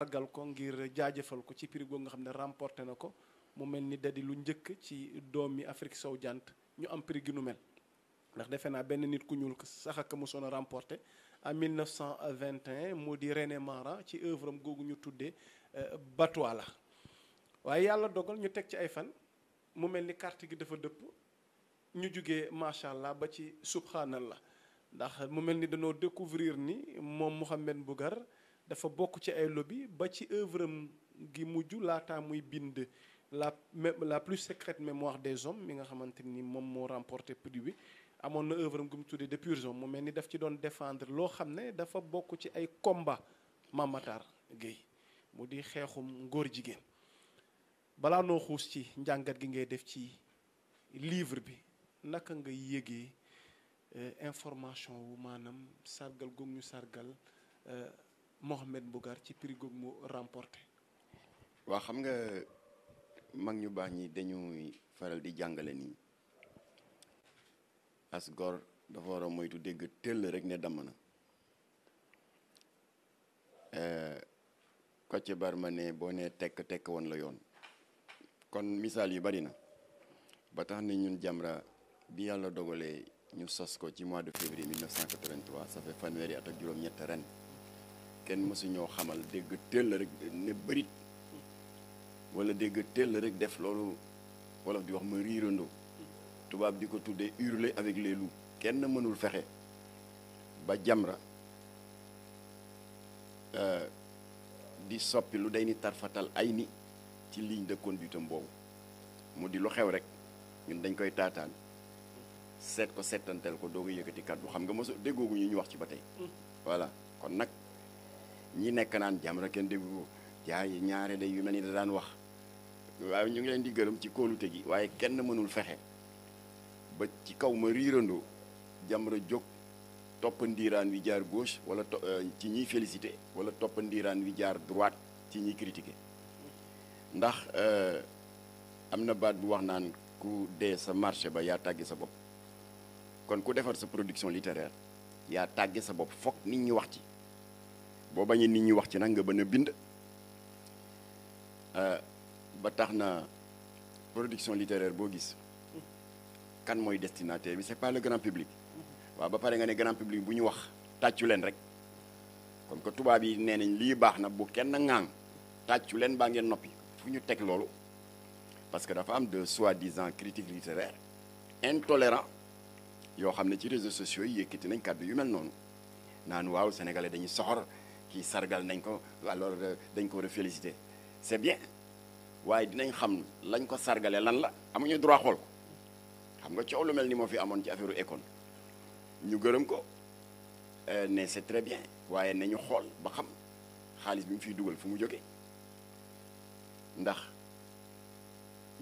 màggal ko ngir jaajëfal ko ci prix googu nga xam ne remporté na ko mu mel ni da lu njëkk ci doomi Afrique sow jant ñu am prix gi nu mel ndax defe naa benn nit ku ñuul sax ak mosoon a remporté en 1921 mu di René mara ci œuvre googu ñu tuddee euh, Batouala waaye yàlla dogal ñu teg ci ay fan mu mel ni carte gi dafa dëpp ñu jugee macha allah ba ci subhanallah ndax mu mel ni dañoo découvrir ni moom Mouhamed Mbougar dafa bokk ci ay lobby ba ci œuvre am gi mujj laataa muy bind la la plus secrète mémoire des hommes mi nga xamante ni moom moo remporté prix bi amoon na œuvre am mu tuddee de purs hommes mel ni daf ci doon défendre loo xam ne dafa bokk ci ay combat Mame Matar Gueye mu di xeexum ngóor jigéen balaa noo xuus ci njàngat gi ngay def ci livre bi naka nga yégee euh, information wu maanaam sargal goog ñu sargal euh, Mohamed Mbougar ci prix googu mu remporté. waa xam nga mag ñu baax ñi dañuy faral di jàngale nii asgor gor dafa war moytu dégg tëll rek ne damm na. Eh, Kocc Barma ne boo nee tekk tekk woon la yoon kon misaal yu bari na ba tax na ñun Jamra bi yàlla dogalee ñu sos ko ci mois de février 1983 ça fait fanweeri at ak juróom-ñett ren. kenn mësuñoo xamal dégg teel rek ne bërit wala dégg teel rek def loolu wolof di wax ma riirandoo tubaab di ko tuddee hurler avec les loups kenn mënul fexe ba jamra euh, di soppi lu day ni tarfatal ay ni ci ligne de conduite am boobu mu di lu xew rek ñun dañ koy taataan seet ko seetantel ko dooga yëkkati kàddu xam nga mosu déggoogu ñu ñu wax ci ba tey mm. voilà kon nag ñi nekk naan jam ra kenn déggu ko jaay ñaare day yu mel ni da daan wax waaye ñu ngi leen di gërëm ci kóolute gi waaye kenn mënul fexe ba ci kaw ma riirandoo jam ra jóg topp wi jaar gauche wala euh, ci ñiy félicité wala toppandiiraan wi jaar droite ci ñiy critiqué ndax euh, am na baat bu wax naan ku dee sa marché ba yaa tàgge sa bopp kon ku defar sa production littéraire yaa tàgge sa bopp foog nit ñi wax ci boo bañee nit ñi wax ci nag nga bën a bind euh, ba tax na production littéraire boo gis kan mooy destinataire bi c'est pas le grand public waaw ba pare nga ne grand public bu ñu wax tàccu leen rek kon que tubaab yi nee nañ lii baax na bu kenn ŋaang tàccu leen baa ngeen noppi fu ñu teg loolu parce que dafa am de soi-disant critiques littéraires intolérants yoo xam ne ci réseaux sociaux yi yëkkati nañ kàddu yu mel noonu naan waaw sénégalais dañuy soxor kii sargal nañ ko alors euh, dañ ko war a féliciter c'est bien waaye dinañ xam lañ ko sargale lan la amuñu droit xool ko xam nga coow lu mel ni moo fi amoon ci affaire école ñu gërëm ko euh, ne c'est très bien waaye ñu xool ba xam xaalis bi mu fiy dugal fu mu jóge ndax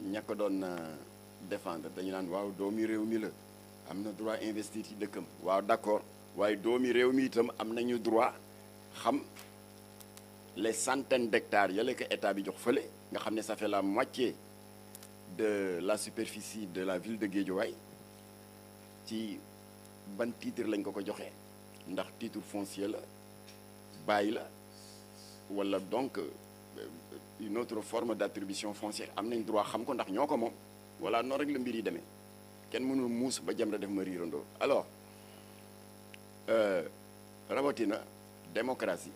ña ko doon euh, défendre dañu naan waaw doomi réew mi la am na droit investir ci dëkkam waaw d'accord waaye doomi réew mi itam am nañu droit xam les centaines d'hectares yële ko état bi jox fële nga xam ne ça fait la moitié de la superficie de la ville de Guédiawaye ci ban titre lañ ko ko joxee ndax titre foncier la bàyyi la wala donc euh, euh, une autre forme d'attribution foncier am nañ droit xam ko ndax ñoo ko moom voilà noonu rek la mbir yi demee kenn mënul muus ba jëm def ma riirandoo alors euh, rawatina. démocratie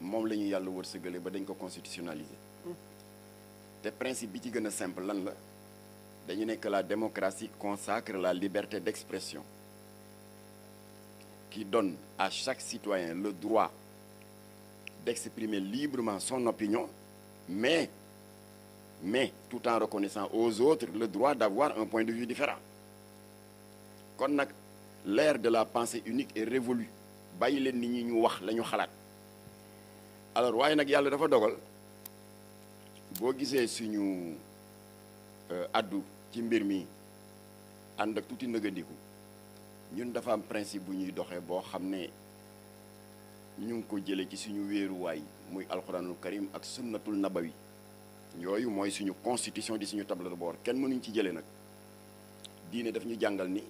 moom la ñu yàlla wërsëgale ba dañ ko constitutionnaliser te principe bi ci gën a simple lan la dañu nekk la démocratie consacre la liberté d'expression qui donne à chaque citoyen le droit d'exprimer librement son opinion mais mais tout en reconnaissant aux autres le droit d'avoir un point de vue différent kon nag l'ère de la pensée unique et révolue bàyyi leen nit ñi ñu wax lañu xalaat alors waaye nag yàlla dafa dogal boo gisee suñu euh, addu ci mbir mi ànd ak tuuti nëgëndiku ñun dafa am principe bu ñuy doxee boo xam ne ñu ngi ko jële ci suñu wéeruwaay muy alxuraanul karim ak sunnatul nabawi yooyu mooy suñu constitution di suñu table de bord kenn mënuñ ci jëlee nag diine daf ñu jàngal ni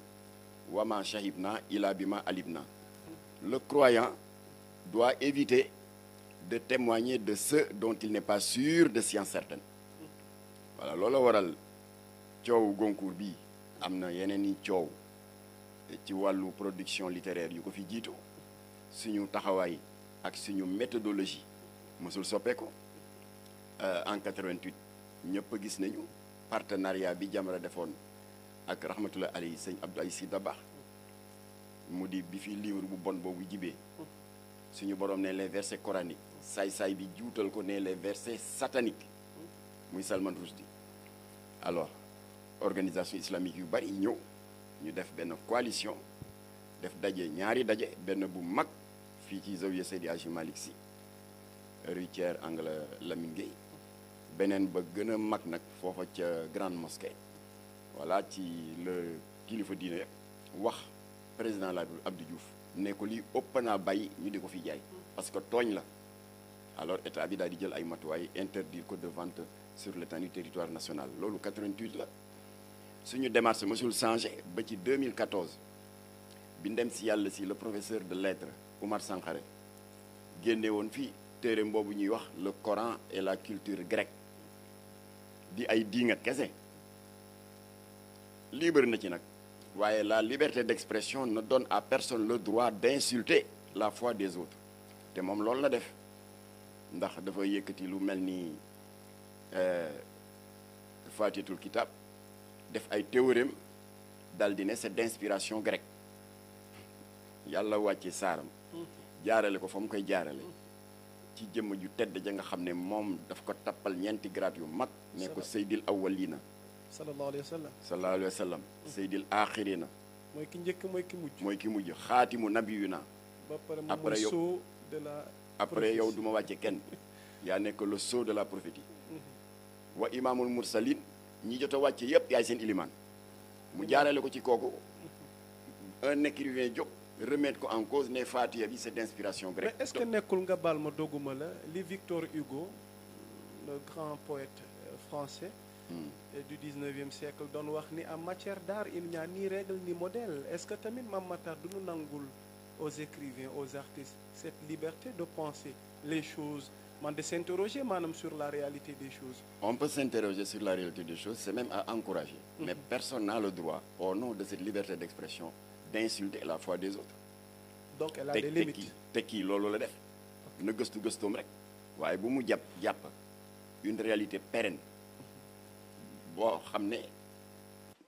wama shahib na ilaa bi ma alib na le croyant doit éviter de témoigner de ceux dont il n'est pas sur de science certaine voilà loola waral coow gonkuur bi am na yeneen i coow ci wàllu production littéraire yu ko fi jiitu suñu taxawaay ak suñu méthodologie mësul soppeeku euh, en 88 ñëpp gis nañu partenariat bi Jamra defoon ak rahmatullah alayhi sëñ Abdou Aziz Sy baax mu di bi fi livre bu bon boobu jibee suñu borom ne les versets coraniques saay-saay bi juutal ko nee les verse sataniques muy Salman Rushdie alors organisation islamique yu bari ñëw ñu def benn coalition def daje ñaari daje benn bu mag fii ci Zawiya Seydi Hadji Malick Sy rue Thiers angle Lamine beneen ba gën a mag nag foofa ca grande mosquée voilà ci la kilifa diine wax président la Abdou Diouf ne ko lii ëpp naa bàyyi ñu di ko fi jaay parce que tooñ la alors état bi daal di jël ay matuwaay interdire ko de vente sur l'étendue du territoire national loolu 88 la suñu démarche mosul changé ba ci 2014 bi ndem si yàlla si le professeur de lettres Oumar Sankhare génne woon fii téere boobu ñuy wax le Coran et la culture grecque di ay diingat kese libre na ci nag. waaye la liberté d'expression na donne à personne le droit d'insulter la fois des autres te moom loolu la def ndax dafa yëkkati lu mel ni euh, fatitul kitab def ay théorème dal di ne c'est d'inspiration grecque yàlla wàcce saaram jaarale ko fa mu koy jaarale ci jëmm ju tedd ja nga xam ne moom daf ko tappal ñeenti grade yu mag ne ko seydil na sallallahu alayhi wa sallam sallallahu alayhi wa sallam mooy ki njëkk mooy ki mujj mooy ki mujj xaatimu nabiyuna ba pare après yow de la après yow du ma wàcce kenn yaa nekk le sceau de la prophétie wa imaamul mursalin ñi jot a wàcce yépp yaay seen ilimaan mu jaarale ko ci kooku un écrivain jóg remettre ko en cause ne Faatiha bi c'est d'inspiration grecque est-ce que nekkul nga baal ma dogguma la li Victor Hugo le grand poète euh, français du 19e siècle doon wax ni en matière d'art il n'y a ni règle ni modèle est-ce que tamit Mame Matar du ñu nangul aux écrivains aux artistes cette liberté de penser les choses man de s'interroger maanaam sur la réalité des choses on peut s'interroger sur la réalité des choses c'est même à encourager mm -hmm. mais personne n'a le droit au nom de cette liberté d'expression d'insulter la foi des autres donc elle a des limites tekki loolu la def na gëstu gëstoom rek waaye bu mu jàpp jàpp une réalité pérenne boo xam ne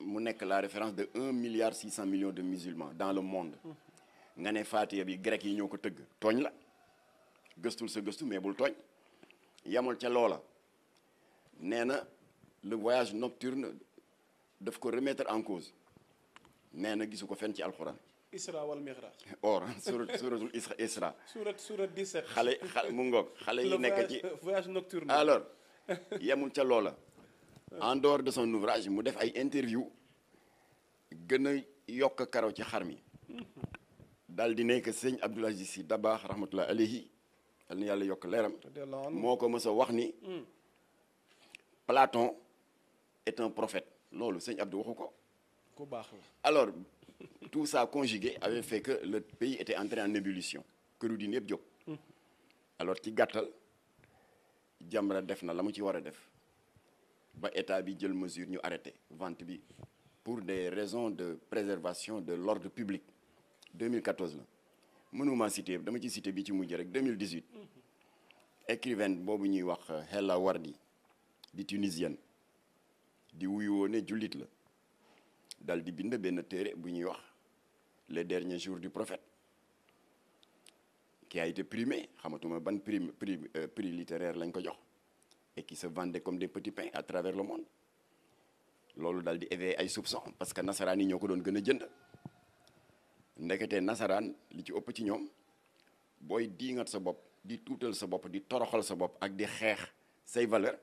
mu nekk la référence de un milliard six cent millions de musulmans dans le monde nga ne faatiya bi grec yi ñoo ko tëgg tooñ la gëstul sa gëstu mais bul tooñ yamul ca loola nee na le voyage nocturne daf ko remettre en cause nee na gisu ko fen ci alxuraan. Isra wal Mi'raj. or surat suratul Isra Isra. surat surat 17. xale xale mu ngoog xale yi nekk ci voyage nocturne yemul ca loola. en dehors de son ouvrage mu def ay interview gën a yokk karaw ci xar mi dal di nekk sëñ Abdoul Aziz Sy baax rahmatullah alayhi yal na yàlla yokk leeram moo ko mës wax ni hmm. Platon est un prophète loolu sëñ Abdou waxu ko ku alors tout ça conjugué avait fait que le pays était entré en ébullition këru diine yëpp jóg hmm. alors ci gàttal Jamra def na la mu ci war a def ba état bi jël mesure ñu arrêté vente bi pour des raisons de préservation de l'ordre public 2014 la mënuma citer dama ci citer bi ci mujj rek 2018 écrivaine boobu ñuy wax euh, Hela Wardi di tunisienne di wuyu woo ne jullit la dal di bind benn téere bu ñuy wax les derniers jours du prophète qui a été primé xamatuma ban prix prix euh, prix littéraire lañ ko jox et qui se comme des petits pains à travers le monde loolu daal di éveillé ay soupçons parce que nasaraan yi ñoo ko doon gën a jënd ndekete nasaraan li ci ëpp ci ñoom booy diingat sa bopp di tuutal sa bopp di toroxal sa bopp ak di xeex say valeur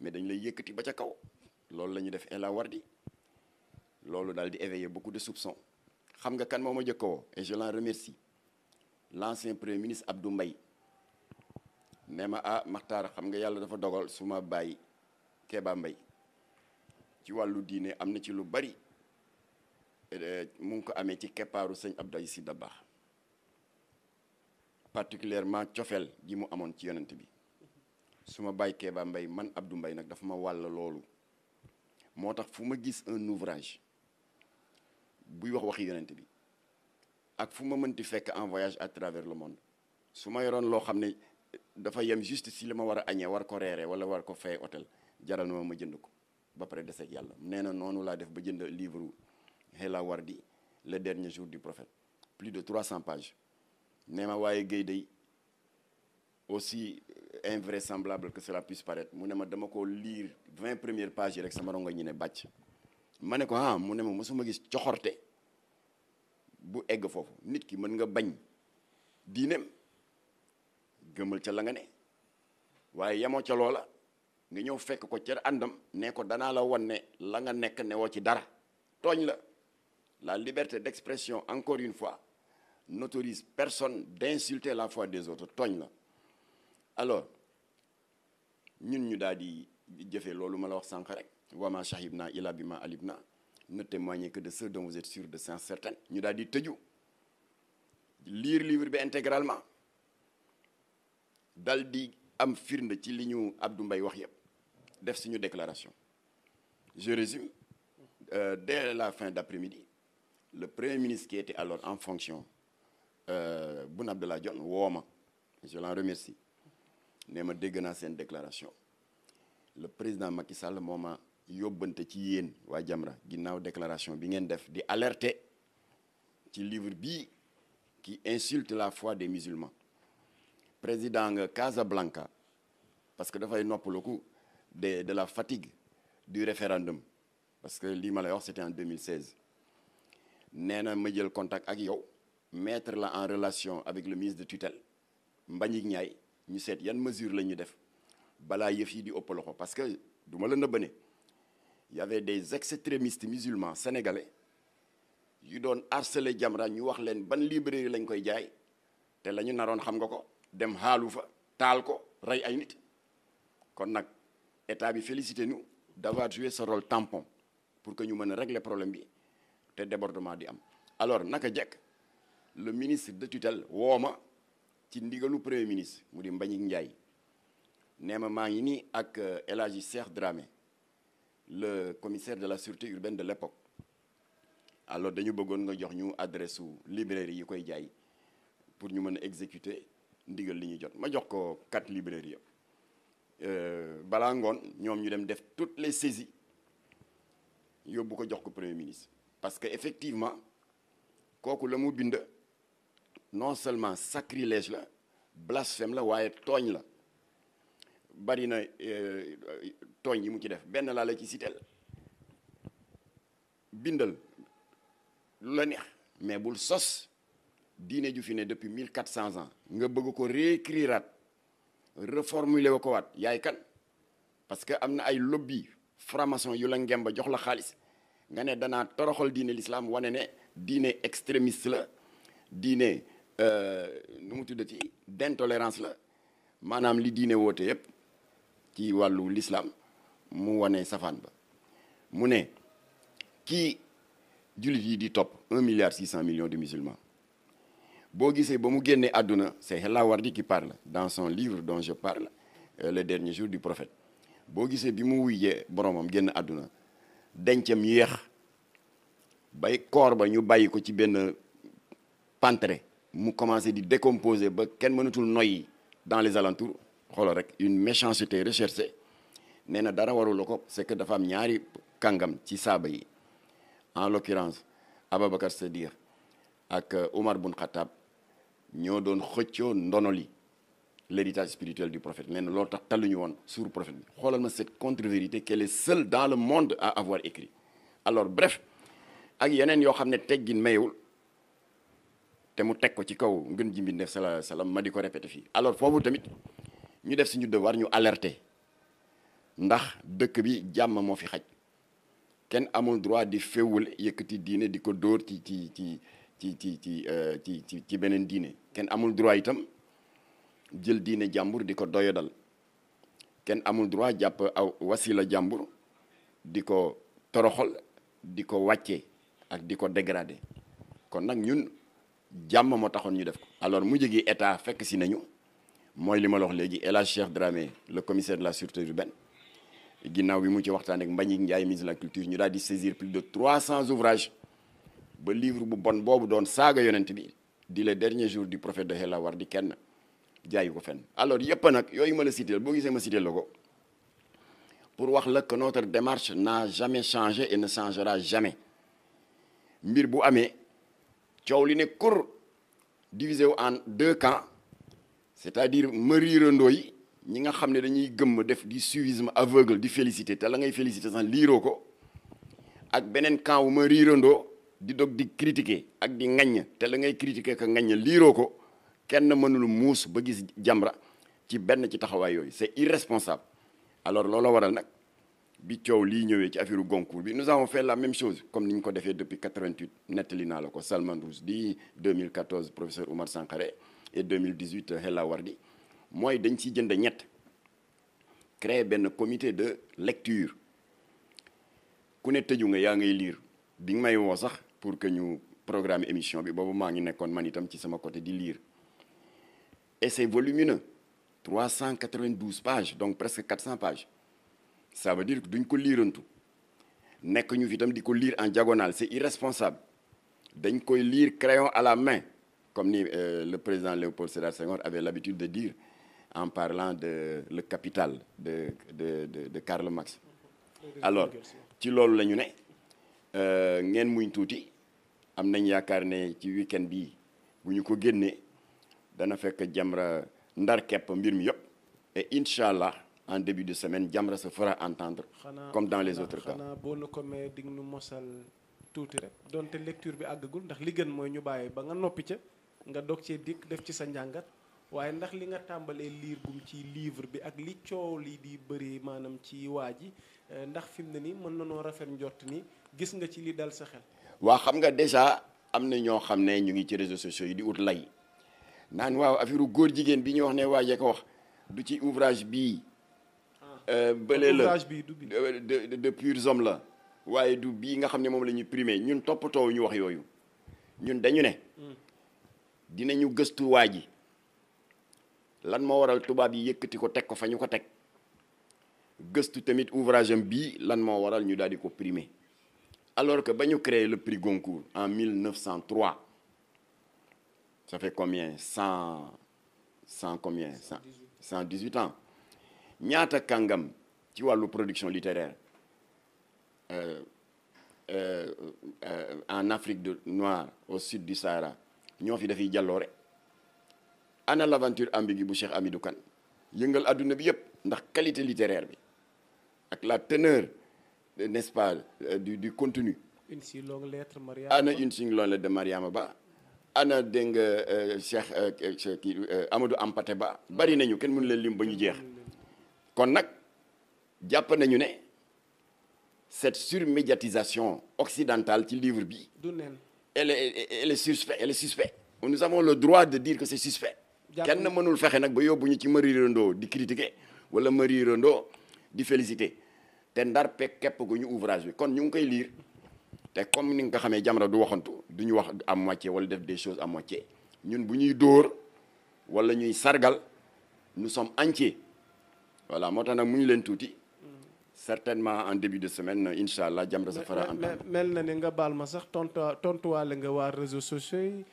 mais dañ lay yëkkati ba ca kaw loolu la ñuy def El Hawardi loolu daal di éveiller beaucoup de soupçons xam nga kan moo ma jëkkoo et je l'en remercie l'ancien premier ministre du mbay ne ma ah maxtaar xam nga yàlla dafa dogal su ma bàyyi Kéba mbay ci wàllu diine am na ci lu bari eh, mu ngi ko amee ci keppaaru sëñ Abdou Aziz Sy Dabakh particulièrement cofeel ji mu amoon ci yonent bi su ma bàyyi Kéba mbay man Abdou mbay nag dafa ma wàll loolu moo tax fu ma gis un ouvrage buy wax waxi yonent bi ak fu ma mënti fekk en voyage à travers le monde su ma yoroon loo xam ne dafa yem juste si li ma war a añee war ko reeree wala war ko fay hôtel jaral na ma ma jënd ko ba pare deseeg yàlla nee na noonu laa def ba jënd livre Hela di le dernier jour du prophète plus de 300 pages nee ma waaye géy day aussi invraisemblable que cela puisse paraître mu ne ma dama ko liir vingt premières pages yi rek sama rongo ñi ne bàcc ma ne ko ah mu ne ma mosuma gis coxorte bu egg foofu nit ki mën nga bañ diineem gëmal ca la nga ne waaye yemoo ca loola nga ñëw fekk ko ca àndam ne ko danaa la won ne la nga nekk woo ci dara tooñ la la liberté d'expression encore une fois n'autorise personne d'insulter la fois des autres tooñ la alors ñun ñu daal di jëfee loolu ma la wax sànq rek wama shahibna ila bima alibna ne témoignez que de ce dont vous êtes sûr de sens certain ñu daal di tëju lire livre bi intégralement dal di am firnde ci li ñu Abdou Mbaye wax yëpp def suñu déclaration je résume euh, la fin d'après-midi le premier ministre qui était alors en fonction euh, Boun Abdallah Dionne woo ma je l'en remercie ne ma dégg naa seen déclaration le président Macky Sall moo yóbbante ci yéen waa Jamra ginnaaw déclaration bi ngeen def di alerter ci livre bii qui insulte la foi des musulmans président nga Casablanca parce que dafay noppaliku de de la fatigue du référendum parce que lii ma lay wax c'était en 2016 nee na ma jël contact ak yow mettre la en relation avec le ministre de tutelle Mbagnick ñaay ñu seet yan mesure la ñu def balaa yëf yi di ëpp loxo parce que du ma la nëbb ne y avait des extrémistes musulmans sénégalais yu doon harceler Jamra ñu wax leen ban librairie lañ koy jaay te la ñu naroon xam nga ko. dem xaalu fa taal ko rey ay nit kon nag état bi félicité ñu d'avoir joué ce rôle tampon pour que ñu mën a régler problème bi te débordement di am alors naka jekk le ministre de tutelle woo ma ci ndigalu premier ministre mu di Mbagnick Ndiaye nee ma maa ngi nii ak élagie euh, Hadji Cheikh Dramé le commissaire de la sûreté urbaine de l'époque alors dañu bëggoon nga jox ñu adresse su librairie yi koy jaay pour ñu mën a exécuter ndigal li ñuy jot ma jox ko quatre librairies yëpp euh, balaa ngoon ñoom ñu dem def toutes les saisies yóbbu ko jox ko premier ministre parce que effectivement kooku la mu bind non seulement sacrilège la blasphème la waaye tooñ la bari na euh, tooñ yi mu ci def benn laa la ci siteel bindal lu la neex mais bul sos diine ju fi ne depuis mille quatre cent ans nga bëgg ko réécriraat reformuler wa ko waat yaay kan parce que am na ay lobby franc yu la ngemba jox la xaalis nga ne danaa toroxal diine l'islam wane ne diine extrémiste la diine euh, nu mu tuddati d'intolérance la maanaam li diine woote yëpp ci wàllu lislaam mu wane safaan ba mu ne kii jullit yi di topp un milliard six cent millions de musulmans boo gisee ba mu génnee àdduna c'est Helawardi qui parle dans son livre dont je parle euh, le dernier jour du prophète boo gisee bi mu wuyjee boromam génn àdduna dencam yéex bay koor ba ñu bàyyi ko ci benn pantre mu commencé di décomposer ba kenn mënatul noyyi dans les alentours xoolal rek une méchanceté recherchée nee na dara warul ko c'est que dafa am ñaari kàngam ci saaba yi en l'occurrence Ababakar Sadiq ak euh, Omar bun Khattab ñoo doon xëccoo ndono li l'héritage spirituel du prophète nee na loolu tax talluñu woon suur prophète bi xoolal ma cette contre-vérité qu'elle est dans le monde à avoir écrit alors bref ak yeneen yoo xam ne teggin mayewul te mu teg ko ci kaw ngën ji mbindeef sala salaam ma di ko répété fii alors foofu tamit ñu def suñu war ñu alerte ndax dëkk bi jàmm moo fi xaj kenn amul droit di feewul yëkkati diine di ko dóor ci ci ci ci ci ci euh, ci ci ci beneen diine kenn amul droit itam jël diine jàmbur di ko doyadal kenn amul droit jàpp aw wasila jàmbur di ko toroxal di ko wàccee ak di ko dégradé kon nag ñun jàmm moo taxoon ñu def ko alors mu jegi état fekk si nañu mooy li ma la wax léegi El Hadj Cheikh Dramé le commissaire de la sûreté urbaine ginnaaw bi mu ci waxtaan ak Mbagnick Ndiaye ministre la culture ñu daal di saisir plus de 300 ouvrages ba livre bu bon boobu doon saaga yonent bi di le dernier jour du prophète de Hela war di kenn jaayu ko fen alors yëpp nag yooyu ma la cité boo gisee ma cité ko pour wax la que notre démarche n'a jamais changé et ne changera jamais mbir bu amee coow li ne kur divisé wu en deux camps c'est-à-dire mariirandoo yi ñi nga xam ne dañuy gëmm def di suivisme aveugle di félicité te la ngay félicité sax liiroo ko ak beneen camp wu ma riirandoo di dog di critiquer ak di ŋaññ te la ngay critiquer ka ŋaññ liiroo ko kenn mënul muus ba gis Jamra ci benn ci taxawaay yooyu c'est irresponsable alors loola waral nag bi coow lii ñëwee ci affaire Goncourt bi nous avons fait la même chose comme ni ñu ko defee depuis 88 nettali naa la ko Salman Rushdie 2014 professeur Oumar Sankhare et 2018 Hela Wardi mooy dañ ciy jënd ñett créer benn comité de lecture ku ne tëju nga yaa ngay lire bi nga sax pour que ñu programme émission bi boobu maa ngi nekkoon man itam ci sama côté di lire et c'est volumineux 392 pages donc presque 400 pages ça veut dire que duñ ko liirantu nekk ñu fi itam di ko liir en diagonale c'est irresponsable dañ koy liir crayon à la main comme ni euh, le président Léopold Sédar Senghor avait l'habitude de dire en parlant de le capital de de de, de Karl Marx alors ci loolu la ñu ne Euh, ngeen muñ tuuti am nañ yaakaar ne ci weekend bi bu ñu ko génnee dana fekk jambra ndar kepp mbir mi yëpp et incha allah en début de semaine jambra se fera entendre comme dans les autres cas xanaa boo nu ko may dig nu mosal tuuti rek donte lecture bi àggagul ndax li gën mooy ñu bàyyi ba nga noppi ca nga dog cee dikk def ci sa njàngat waaye ndax li nga tàmbalee liir gum ci livre bi ak li coow li di bëri maanaam ci waa ji eh, ndax fi mu ne nii mën na noo rafet njort nii gis nga ci li dal sa xel. waa xam nga déjà am na ñoo xam ne ñu ngi ci réseau sociaux yi di ut lay naan waaw affaire góor jigéen bi ñuy wax ne waa yee ko wax du ci ouvrage bii. Ah. Euh, bële la bi euh, de de purs hommes la. waaye du bii nga xam ne moom la ñuy primé ñun toppatoo ñu wax yooyu ñun dañu ne. Hmm. ñu gëstu waa ji lan moo waral tubaab yi yëkkati ko teg ko fa ñu ko teg gëstu tamit ouvrage am bii lan moo waral ñu daal di ko primé. alors que bañu ñu créer le prix Goncourt en 1903 ça fait combien cent cent combien cent cent dix huit ans ñaata kàngam ci wàllu production littéraire euh, euh, euh, en Afrique de noire au sud du Sahara ñoo fi dafiy jàlloore ana l'aventure ambiguë bu Cheikh Hamidou Kane yëngal adduna bi yëpp ndax qualité littéraire bi ak la teneur n'est-ce pas euh, du du contenu. une si longue lettre ana une si longue lettre de Ba. ana dégg nga euh, euh, Cheikh kii Amadou Ampate Ba. bari nañu kenn mënu leen lim ba ñu jeex. kon nag jàpp nañu ne cette surmédiatisation occidentale ci livre bi. du nen elle est elle est suspect elle est suspect. nous avons le droit de dire que c'est suspect. kenn mënul fexe nag ba yóbbu ñu ci ma riirandoo di critiquer wala ma di féliciter. te ndar pek képp gu ñu ouvrage bi kon ñu ngi koy liir te comme ni nga xamee Jamra du waxantu du ñu wax am moitié wala def des choses à moitié ñun bu ñuy dóor wala ñuy sargal nu sommes entiers voilà moo tax nag mu ñu leen tuuti certainement en début de semaine incha allah Jamra Safara en mel na ne nga baal ma sax tontu tontuwaale nga waa réseaux sociaux yi.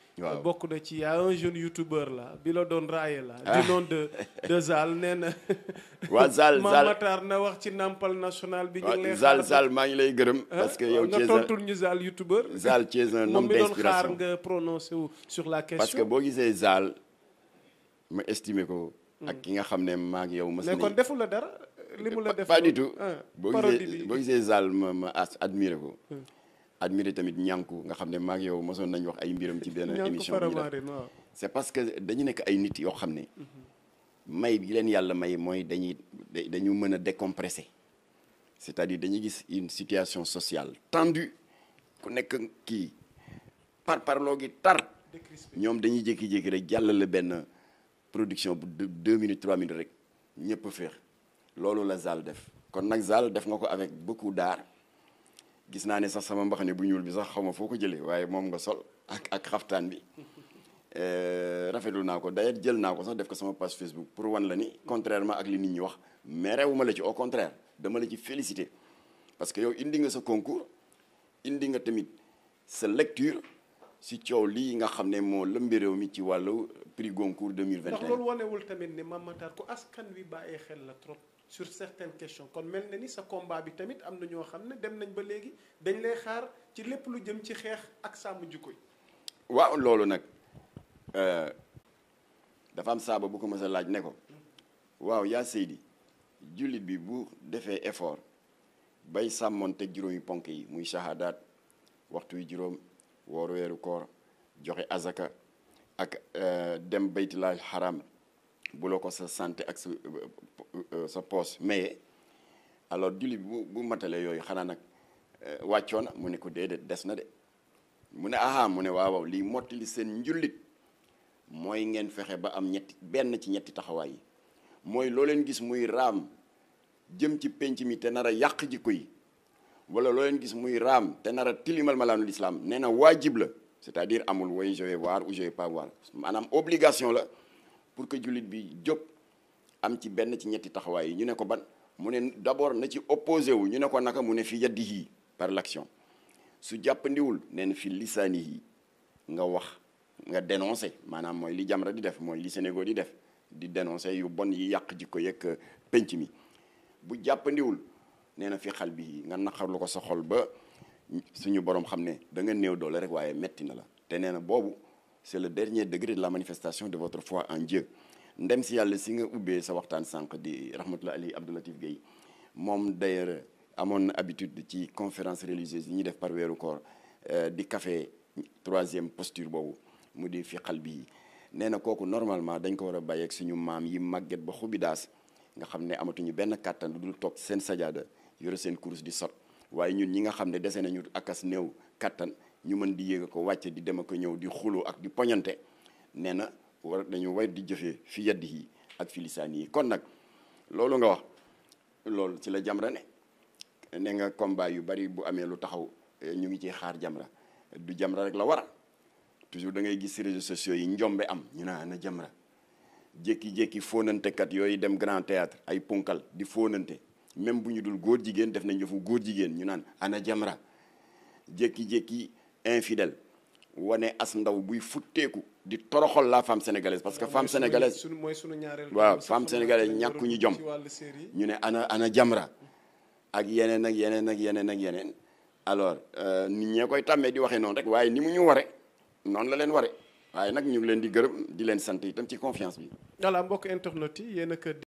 bokk na ci yaa un jeune youtubeur la bi la doon raaye la. Ah. du nom de de Zal nee na. waa Zal Zal Mame na wax ci nampal national bi. ñu ngi lay maa ngi lay gërëm. parce que yow nga tontul ñu Zal youtubeur. Zal tu es un moom mi doon xaar nga prononcé sur la question. parce que boo gisee Zal ma estimé ko. ak ki nga xam ne maa ngi yow. mës nañu mais kon la dara. li mu la def pas du tout ah, boo gisee boo gisee Zal ma ma admiré ko hmm. admiré tamit ñànku nga xam ne maa ngi yow mosoon nañ wax ay mbiram ci benn émission bi ñu def c'est parce que dañu nekk ay nit yoo xam ne hmm. may bi leen yàlla may mooy dañuy dañu mën a décompresser c'est-à-dire dañuy gis une situation sociale tendue ku nekk kii par parloo gi tar ñoom dañuy jékki-jékki rek jàllale benn production bu deux minutes trois minutes rek ñëpp féex loolu la Zal def kon nag Zal def nga ko avec beaucoup daar gis naa ne sax sama mbaxane bu ñuul bi sax xaw ma foo ko jëlee waaye moom nga sol ak ak xaftaan bi euh, rafetlu naa ko dayet jël naa ko sax def ko sama page Facebook pour wan la ni contrairement ak li nit ñi wax mais rewuma la ci au contraire dama la ci féliciter parce que yow indi nga sa concours indi nga tamit sa lecture si coow lii nga xam ne moo lëmbi réew mi ci wàllu prix Goncourt 2021 ndax loolu wanewul tamit ne Mame Matar ku askan wi bàyyee xel la trop sur certaines questions kon mel na ni sa combat bi tamit am na ñoo xam ne dem nañ ba léegi dañ lay xaar ci lépp lu jëm ci xeex ak sàmm ji yi waaw loolu nag euh, dafa am saaba bu ko mës laaj ne ko waaw yaa Seydi jullit bi bu defee effort bay sàmmoon te juróomi ponk yi muy shahadaat waxtu wi juróom woor weeru koor joxe azaka ak euh, dem baytilal xaram bu la ko sa santé ak sa euh, sa poos maye alors julli bi bu bu matale yooyu xanaa nag euh, wàccoona mu ne ko déedéet des na de mu ne aha mu ne waaw lii liy mottali seen njulit mooy ngeen fexe ba am ñetti benn ci ñetti taxawaay mooy loo leen gis muy raam jëm ci penc mi te nar a yàq jikko yi walla loo leen gis muy raam te nar a tilimal malaanu lislaam nee na waajib la c'est-à-dire amul woy je vais ou je pas voir maanaam obligation la pour que jullit bi jóg am ci benn ci ñetti taxawaay yi ñu ne ko ban mu ne d'abord na ci opposé wu ñu ne ko naka mu ne fi yadihi par l'action su jàppandiwul nee na fi lisaanihi nga wax nga dénoncé maanaam mooy li Jamra di def mooy li Sénégal di def di dénoncé yu bon yi yàq jikko yeeg euh, penc mi bu jàppandiwul nee na fi xal bi nga naqarlu ko sa xol ba suñu borom xam ne da nga néew doole rek waaye metti na la te nee na boobu c'est le dernier degré de la manifestation de votre fois en Dieu ndem si yàlla si nga ubbee sa waxtaan sànq di rahmatullah ali Abdoulatif Gueye moom d'ailleurs amoon na habitude ci conférence religieuse yi ñuy def par weeru koor euh, di café troisième posture boobu mu di fi xal bi nee na kooku normalement dañ ko war a bàyyeeg suñu maam yi màgget ba xubi nga xam ne amatuñu benn kàttan lu dul toog seen sajaada yore seen course di sot waaye ñun ñi nga xam ne dese nañu akas néew kàttan ñu mën di yéeg a ko wàcce di dem ak ñëw di xuloo ak di poñante nee na war dañu war di jëfee fi yaddi yi ak fi lisaan yi kon nag loolu nga wax loolu ci la Jamra ne ne nga combat yu bari bu amee lu taxaw eh, ñu ngi ci xaar Jamra du Jamra rek la war toujours da ngay gis ci réseaux sociaux yi njombe am ñu naan na Jamra jékki-jékki fóonantekat yooyu dem grand ay punkal di fóonante même bu ñu dul góor jigéen def nañ yëfu góor jigéen ñu naan ana Jamra jékki-jékki infidèle wane as ndaw buy futteeku di toroxal la femme sénégalaise parce que femme sénégalaise mooy sunu ñaareel waaw femme sénégalaise ñu jom ñu ne ana ana Jamra ak yeneen ak yeneen ak yeneen ak yeneen alors euh, nit ñee koy tàmmee di waxee noonu rek waaye ni mu ñu ware noonu la leen ware waaye nag ñu ngi leen di gërëm di leen sant tam ci confiance bi.